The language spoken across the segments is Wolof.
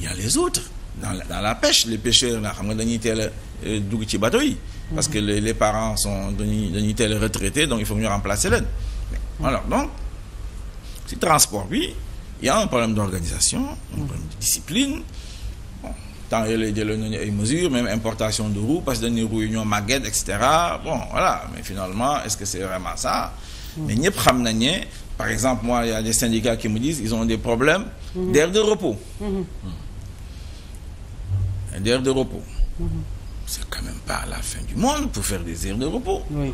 il y a les autres dans la, dans la pêche les pêcheurs nga xam nga dañuy teel euh, dugg ci bateau yi parce que les, les parents sont dañuy dañuy teel a retraités donc il faut ñu remplacer leen alors donc ci transport bi il y a un problème d'organisation un problème de discipline bon temps yooyu jëloon nañu ay mesures même importation de roues parce que dañuy roues yi ñoo màgget et cetera bon voilà mais finalement est-ce que c'est vraiment ça mais ñëpp xam nañ par exemple moi il y a des syndicats qui me disent ils ont des problèmes d'aire de repos mm-hmm. Mm-hmm. une heure de repos. Mhm. c'est quand même la fin du monde pour faire de repos. oui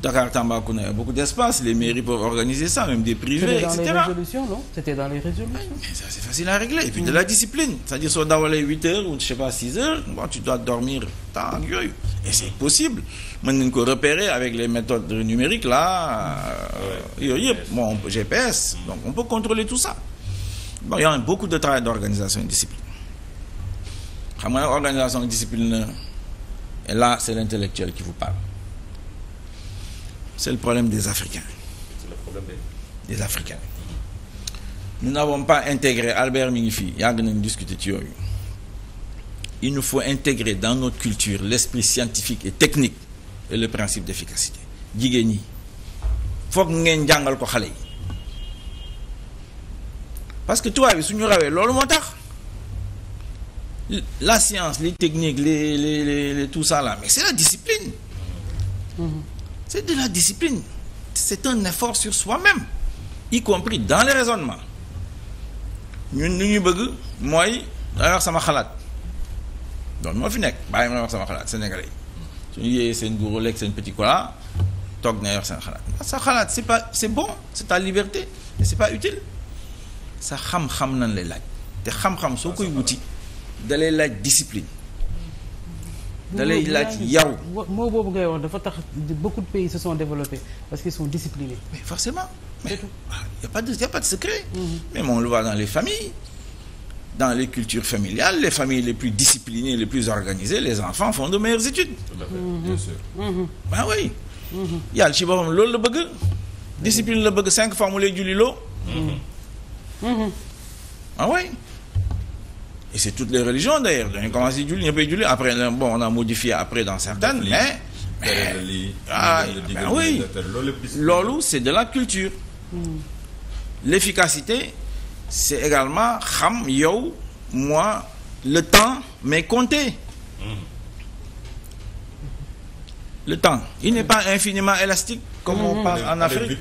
Dakar Tambacounda y a beaucoup d'espace les mairies peuvent organiser ça même des privés et cetera c'était dans les résolutions non c'était dans les résolutions. Ouais, mais ça c'est facile à régler et puis mm -hmm. de la discipline c'est-à-dire soo dawalee huit heures ou je six heures bon tu dois dormir tant ak yooyu et c'est possible mën nañu ko repérer avec les méthodes numériques là euh, yooyu yëpp bon GPS donc on peut contrôler tout ça bon il y a beaucoup de travail d'organisation et de xam nga nag organisation discipline et là c'est l'intellectuel qui vous parle c'est le problème des Africains c'est le problème des, des Africains nous n'avons pas intégré Albert mi ngi fii yàgg nañ discuter ci yooyu il nous faut intégrer dans notre culture l'esprit scientifique et technique et le principe d'efficacité jigéen ñi foog ngeen jàngal ko xale yi parce que tubaab bi suñu rawee loolu moo tax la science les techniques les les les, les tout ça là mais la discipline. Mmh. c'est de la discipline c'est un effort sur soi-même y compris dans les raisonnements ñun li ñu bëgg mooy damay wax sama xalaat doon moo fi nekk bàyyi ma wax sama xalaat sénégalais yi suñu yéeyee seen guro lekk seen petit cola toog na wax seen xalaat sa xalaat c'est pas c'est bon c'est ta liberté mais c'est pas utile sa xam-xam nan lay laaj te xam-xam soo koy wuti dalay laaj discipline. dalay laaj yaru moo boobu ngay wax dafa tax beaucoup de pays se sont développés parce qu'ils sont disciplinés. mais forcément. mais ah, y a pas de y a pas de secret. Mm-hmm. mais on le voit dans les familles. dans les cultures familiales les familles les plus disciplinées les plus organisées les enfants font de meilleures études. tout à fait mm-hmm. bien sûr. ah oui. loolu la bëgg. discipline la bëgg cinq fois mu lay julli loo. ah et c'est toutes les religions d'ailleurs dañu commencé julli ñëppay julli après bon on a modifié après dans certaines mais mais ah, oui loolu c'est de la culture hmm. l'efficacité c'est également xam yow moi le temps mais compter hmm. le temps il n'est pas infiniment élastique comme on hmm. parle en Afrique